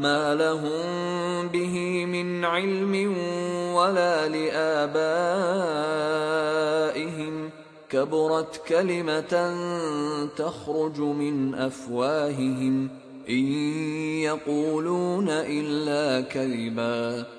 ما لهم به من علم ولا لآبائهم كبرت كلمة تخرج من أفواههم إن يقولون إلا كذباً